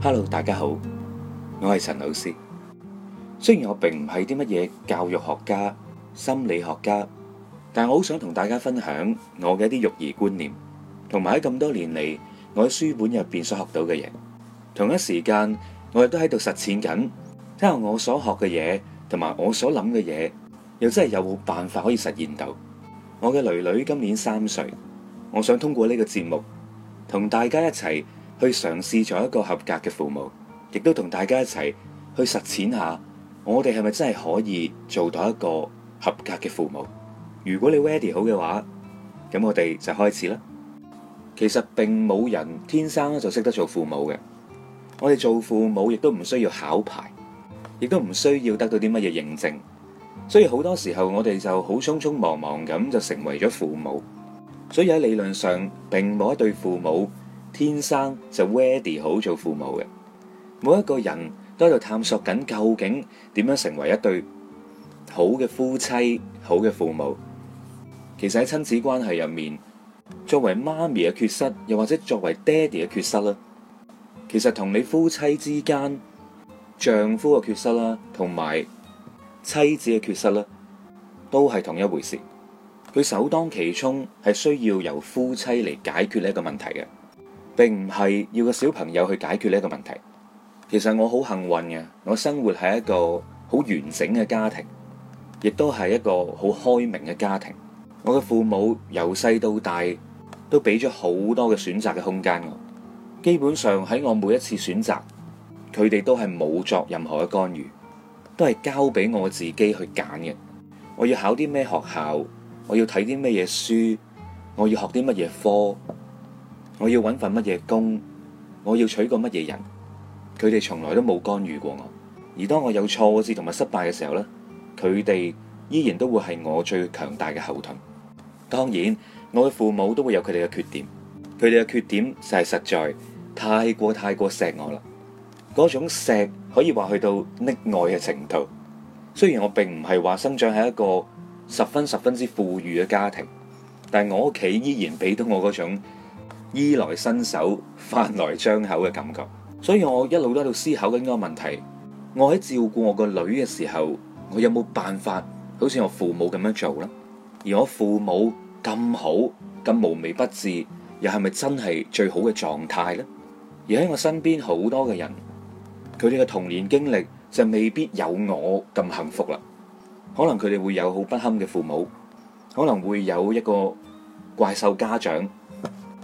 Hello，大家好，我係陳老師。雖然我並唔係啲乜嘢教育學家、心理學家，但我好想同大家分享我嘅一啲育兒觀念，同埋喺咁多年嚟，我喺書本入邊所學到嘅嘢。同一時間，我亦都喺度實踐緊，睇下我所學嘅嘢，同埋我所諗嘅嘢，又真係有冇辦法可以實現到。我嘅女女今年三歲，我想通過呢個節目，同大家一齊，去嘗試做一個合格嘅父母，亦都同大家一齊去實踐下，我哋係咪真係可以做到一個合格嘅父母？如果你 ready 好嘅話，咁我哋就開始啦。其實並冇人天生咧就識得做父母嘅，我哋做父母亦都唔需要考牌，亦都唔需要得到啲乜嘢認證。所以好多時候我哋就好匆匆忙忙咁就成為咗父母，所以喺理論上並冇一對父母。天生就 ready 好做父母嘅，每一個人都喺度探索緊究竟點樣成為一對好嘅夫妻、好嘅父母。其實喺親子關係入面，作為媽咪嘅缺失，又或者作為爹哋嘅缺失啦，其實同你夫妻之間丈夫嘅缺失啦，同埋妻子嘅缺失啦，都係同一回事。佢首當其衝係需要由夫妻嚟解決呢一個問題嘅。並唔係要個小朋友去解決呢個問題。其實我好幸運嘅，我生活係一個好完整嘅家庭，亦都係一個好開明嘅家庭。我嘅父母由細到大都俾咗好多嘅選擇嘅空間我。基本上喺我每一次選擇，佢哋都係冇作任何嘅干預，都係交俾我自己去揀嘅。我要考啲咩學校，我要睇啲咩嘢書，我要學啲乜嘢科。我要搵份乜嘢工，我要娶個乜嘢人，佢哋從來都冇干預過我。而當我有挫折同埋失敗嘅時候咧，佢哋依然都會係我最強大嘅後盾。當然，我嘅父母都會有佢哋嘅缺點，佢哋嘅缺點就係實在太過太過錫我啦。嗰種錫可以話去到溺愛嘅程度。雖然我並唔係話生長喺一個十分十分之富裕嘅家庭，但我屋企依然俾到我嗰種。衣來伸手、飯來張口嘅感覺，所以我一路都喺度思考緊呢個問題。我喺照顧我個女嘅時候，我有冇辦法好似我父母咁樣做呢？而我父母咁好、咁無微不至，又係咪真係最好嘅狀態呢？而喺我身邊好多嘅人，佢哋嘅童年經歷就未必有我咁幸福啦。可能佢哋會有好不堪嘅父母，可能會有一個怪獸家長。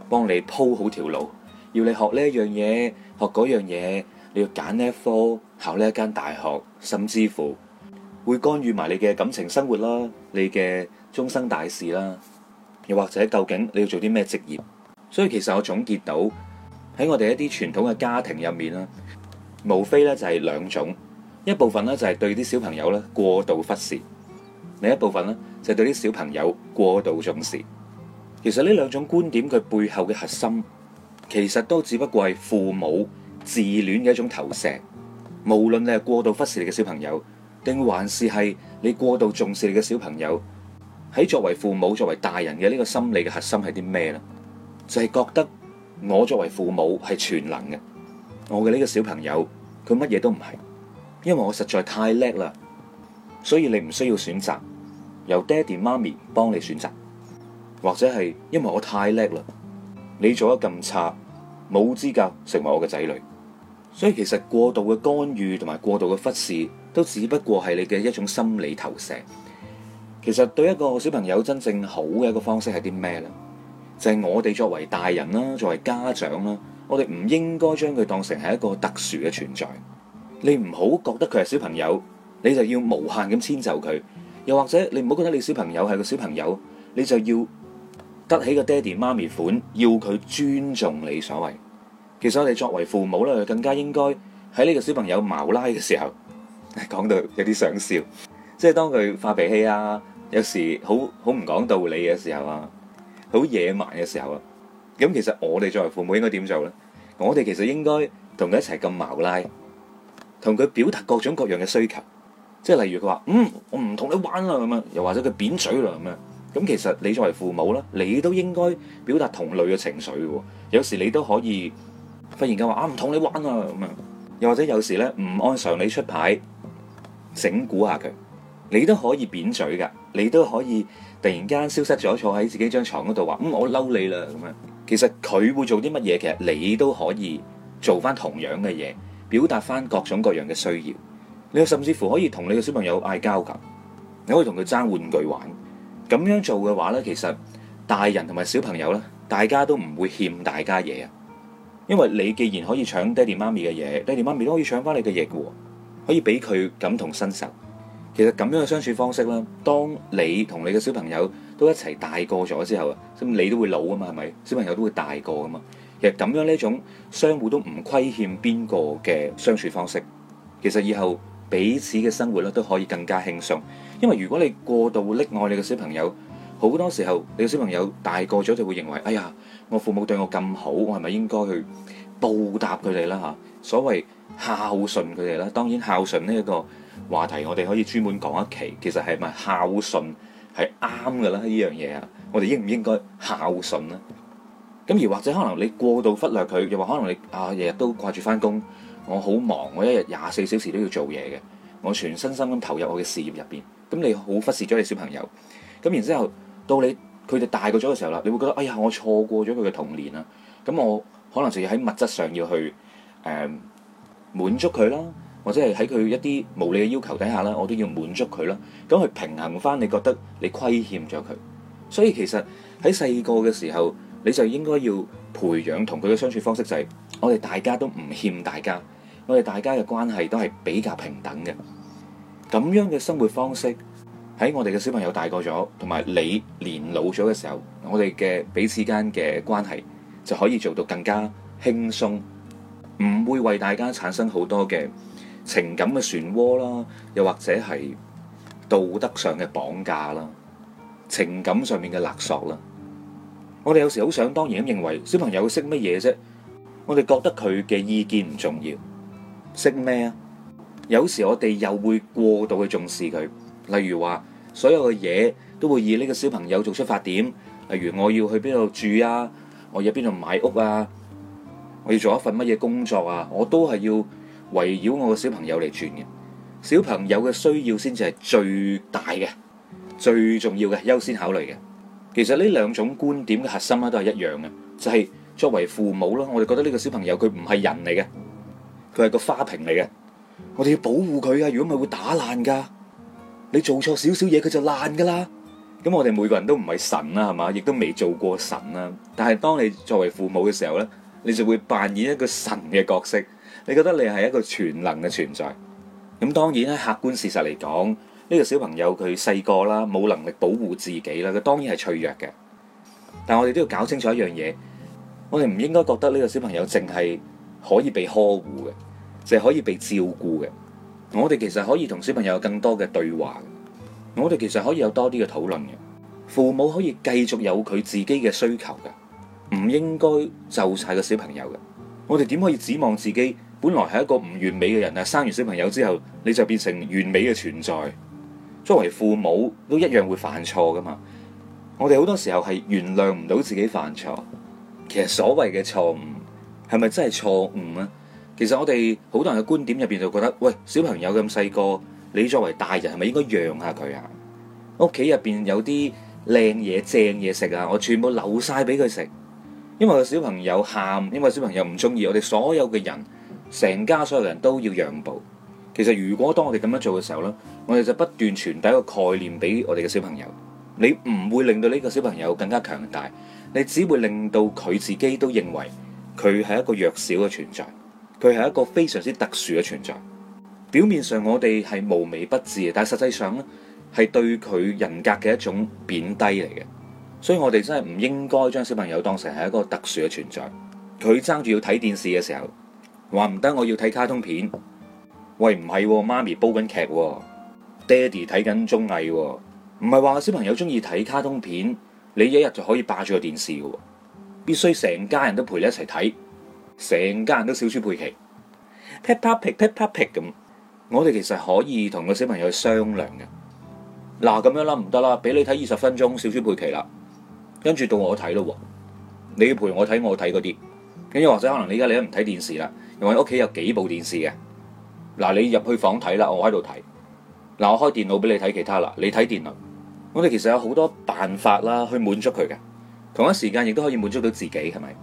幫你鋪好條路，要你學呢一樣嘢，學嗰樣嘢，你要揀呢一科，考呢一間大學，甚至乎會干預埋你嘅感情生活啦，你嘅終生大事啦，又或者究竟你要做啲咩職業？所以其實我總結到喺我哋一啲傳統嘅家庭入面啦，無非呢就係兩種，一部分呢就係對啲小朋友呢過度忽視，另一部分呢就係對啲小朋友過度重視。其實呢兩種觀點佢背後嘅核心，其實都只不過係父母自戀嘅一種投射。無論你係過度忽視你嘅小朋友，定還是係你過度重視你嘅小朋友，喺作為父母、作為大人嘅呢個心理嘅核心係啲咩呢？就係覺得我作為父母係全能嘅，我嘅呢個小朋友佢乜嘢都唔係，因為我實在太叻啦。所以你唔需要選擇，由爹哋媽咪幫你選擇。或者係因為我太叻啦，你做得咁差，冇資格成為我嘅仔女。所以其實過度嘅干預同埋過度嘅忽視，都只不過係你嘅一種心理投射。其實對一個小朋友真正好嘅一個方式係啲咩呢？就係我哋作為大人啦，作為家長啦，我哋唔應該將佢當成係一個特殊嘅存在。你唔好覺得佢係小朋友，你就要無限咁遷就佢；又或者你唔好覺得你小朋友係個小朋友，你就要得起個爹哋媽咪款，要佢尊重你所謂。其實我哋作為父母咧，更加應該喺呢個小朋友矛拉嘅時候，講到有啲想笑，即係當佢發脾氣啊，有時好好唔講道理嘅時候啊，好野蠻嘅時候啊，咁其實我哋作為父母應該點做咧？我哋其實應該同佢一齊咁矛拉，同佢表達各種各樣嘅需求，即係例如佢話：嗯，我唔同你玩啦咁樣！又或者佢扁嘴啦咁樣！咁其實你作為父母啦，你都應該表達同類嘅情緒喎。有時你都可以忽然間話啊，唔同你玩啊咁樣，又或者有時咧唔按常理出牌，整蠱下佢，你都可以扁嘴噶，你都可以突然間消失咗，坐喺自己張床嗰度話，嗯，我嬲你啦咁樣。其實佢會做啲乜嘢，其實你都可以做翻同樣嘅嘢，表達翻各種各樣嘅需要。你又甚至乎可以同你嘅小朋友嗌交噶，你可以同佢爭玩具玩。咁樣做嘅話呢，其實大人同埋小朋友呢，大家都唔會欠大家嘢啊。因為你既然可以搶爹哋媽咪嘅嘢，爹哋媽咪都可以搶翻你嘅嘢喎，可以俾佢感同身受。其實咁樣嘅相處方式咧，當你同你嘅小朋友都一齊大個咗之後，咁你都會老啊嘛，係咪？小朋友都會大個啊嘛。其實咁樣呢一種相互都唔虧欠邊個嘅相處方式，其實以後，彼此嘅生活咧都可以更加輕鬆，因為如果你過度溺愛你嘅小朋友，好多時候你嘅小朋友大個咗就會認為：哎呀，我父母對我咁好，我係咪應該去報答佢哋啦？嚇，所謂孝順佢哋啦。當然孝順呢一個話題，我哋可以專門講一期。其實係咪孝順係啱嘅咧？呢樣嘢啊，我哋應唔應該孝順呢？咁而或者可能你過度忽略佢，又或可能你啊日日都掛住返工。我好忙，我一日廿四小時都要做嘢嘅，我全身心咁投入我嘅事業入邊。咁你好忽視咗你小朋友，咁然之後到你佢哋大個咗嘅時候啦，你會覺得，哎呀，我錯過咗佢嘅童年啦。咁我可能就要喺物質上要去誒滿足佢啦，或者係喺佢一啲無理嘅要求底下啦，我都要滿足佢啦。咁去平衡翻，你覺得你虧欠咗佢。所以其實喺細個嘅時候，你就應該要培養同佢嘅相處方式，就係我哋大家都唔欠大家，我哋大家嘅關係都係比較平等嘅。咁樣嘅生活方式，喺我哋嘅小朋友大個咗，同埋你年老咗嘅時候，我哋嘅彼此間嘅關係就可以做到更加輕鬆，唔會為大家產生好多嘅情感嘅漩渦啦，又或者係道德上嘅綁架啦，情感上面嘅勒索啦。我哋有時好想當然咁認為小朋友識乜嘢啫？我哋覺得佢嘅意見唔重要，識咩啊？有時我哋又會過度去重視佢，例如話所有嘅嘢都會以呢個小朋友做出發點，例如我要去邊度住啊，我要去邊度買屋啊，我要做一份乜嘢工作啊，我都係要圍繞我個小朋友嚟轉嘅。小朋友嘅需要先至係最大嘅、最重要嘅、優先考慮嘅。其實呢兩種觀點嘅核心咧，都係一樣嘅，就係作為父母咯，我哋覺得呢個小朋友佢唔係人嚟嘅，佢係個花瓶嚟嘅，我哋要保護佢噶，如果唔係會打爛噶。你做錯少少嘢，佢就爛噶啦。咁我哋每個人都唔係神啦，係嘛？亦都未做過神啦。但係當你作為父母嘅時候咧，你就會扮演一個神嘅角色，你覺得你係一個全能嘅存在。咁當然喺客觀事實嚟講。呢個小朋友佢細個啦，冇能力保護自己啦，佢當然係脆弱嘅。但我哋都要搞清楚一樣嘢，我哋唔應該覺得呢個小朋友淨係可以被呵護嘅，淨係可以被照顧嘅。我哋其實可以同小朋友有更多嘅對話，我哋其實可以有多啲嘅討論嘅。父母可以繼續有佢自己嘅需求嘅，唔應該就晒個小朋友嘅。我哋點可以指望自己本來係一個唔完美嘅人啊？生完小朋友之後，你就變成完美嘅存在？作為父母都一樣會犯錯㗎嘛，我哋好多時候係原諒唔到自己犯錯。其實所謂嘅錯誤係咪真係錯誤呢？其實我哋好多人嘅觀點入邊就覺得，喂，小朋友咁細個，你作為大人係咪應該讓下佢啊？屋企入邊有啲靚嘢正嘢食啊，我全部留晒俾佢食。因為個小朋友喊，因為小朋友唔中意，我哋所有嘅人，成家所有人都要讓步。其實，如果當我哋咁樣做嘅時候呢，我哋就不斷傳遞一個概念俾我哋嘅小朋友。你唔會令到呢個小朋友更加強大，你只會令到佢自己都認為佢係一個弱小嘅存在，佢係一個非常之特殊嘅存在。表面上我哋係無微不至嘅，但係實際上呢，係對佢人格嘅一種貶低嚟嘅。所以我哋真係唔應該將小朋友當成係一個特殊嘅存在。佢爭住要睇電視嘅時候，話唔得，我要睇卡通片。喂，唔係喎，媽咪煲緊劇，爹哋睇緊綜藝喎，唔係話小朋友中意睇卡通片，你一日就可以霸住個電視嘅，必須成家人都陪你一齊睇，成家人都小豬佩奇劈啪劈啪啪咁，我哋其實可以同個小朋友去商量嘅。嗱，咁樣啦，唔得啦，俾你睇二十分鐘小豬佩奇啦，跟住到我睇咯，你要陪我睇我睇嗰啲，跟住或者可能你而家你都唔睇電視啦，因為屋企有幾部電視嘅。嗱，你入去房睇啦，我喺度睇。嗱，我開電腦俾你睇其他啦，你睇電腦。我哋其實有好多辦法啦，去滿足佢嘅。同一時間亦都可以滿足到自己，係咪？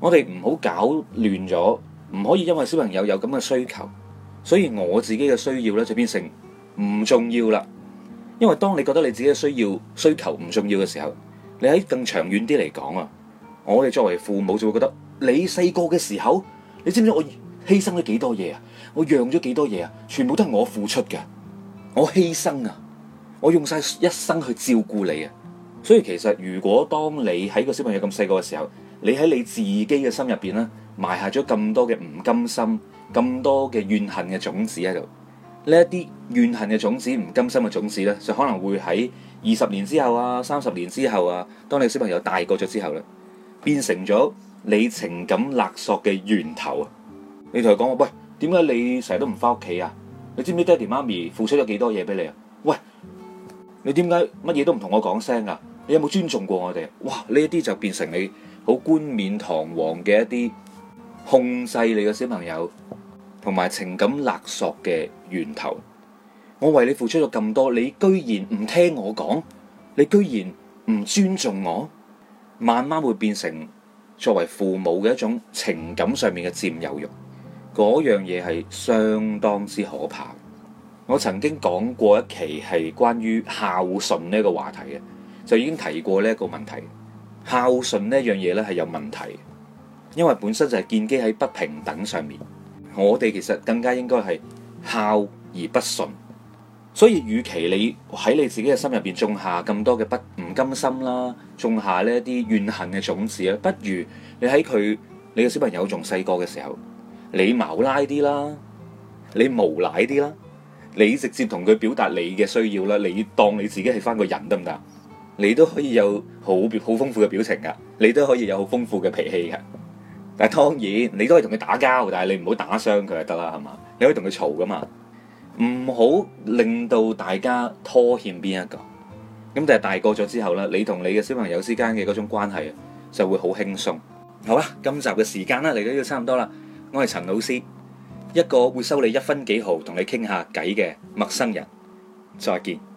我哋唔好搞亂咗，唔可以因為小朋友有咁嘅需求，所以我自己嘅需要咧就變成唔重要啦。因為當你覺得你自己嘅需要需求唔重要嘅時候，你喺更長遠啲嚟講啊，我哋作為父母就會覺得，你細個嘅時候，你知唔知我？犧牲咗幾多嘢啊！我讓咗幾多嘢啊！全部都係我付出嘅，我犧牲啊！我用晒一生去照顧你啊！所以其實，如果當你喺個小朋友咁細個嘅時候，你喺你自己嘅心入邊咧，埋下咗咁多嘅唔甘心、咁多嘅怨恨嘅種子喺度。呢一啲怨恨嘅種子、唔甘心嘅種子呢，就可能會喺二十年之後啊、三十年之後啊，當你小朋友大個咗之後咧，變成咗你情感勒索嘅源頭啊！你同佢講話，喂，點解你成日都唔返屋企啊？你知唔知爹哋媽咪付出咗幾多嘢俾你啊？喂，你點解乜嘢都唔同我講聲啊？你有冇尊重過我哋啊？哇，呢一啲就變成你好冠冕堂皇嘅一啲控制你嘅小朋友同埋情感勒索嘅源頭。我為你付出咗咁多，你居然唔聽我講，你居然唔尊重我，慢慢會變成作為父母嘅一種情感上面嘅佔有欲。嗰樣嘢係相當之可怕。我曾經講過一期係關於孝順呢一個話題嘅，就已經提過呢一個問題。孝順呢樣嘢咧係有問題，因為本身就係建基喺不平等上面。我哋其實更加應該係孝而不順。所以，與其你喺你自己嘅心入邊種下咁多嘅不唔甘心啦，種下呢啲怨恨嘅種子咧，不如你喺佢你嘅小朋友仲細個嘅時候。你矛拉啲啦，你無賴啲啦，你直接同佢表達你嘅需要啦。你當你自己係返個人得唔得？你都可以有好好豐富嘅表情噶，你都可以有好豐富嘅脾氣噶。但係當然你都可以同佢打交，但係你唔好打傷佢就得啦，係嘛？你可以同佢嘈噶嘛，唔好令到大家拖欠邊一個咁。但係大個咗之後咧，你同你嘅小朋友之間嘅嗰種關係就會好輕鬆。好啦，今集嘅時間啦，嚟到呢度，差唔多啦。我係陳老師，一個會收你一分幾毫同你傾下偈嘅陌生人。再見。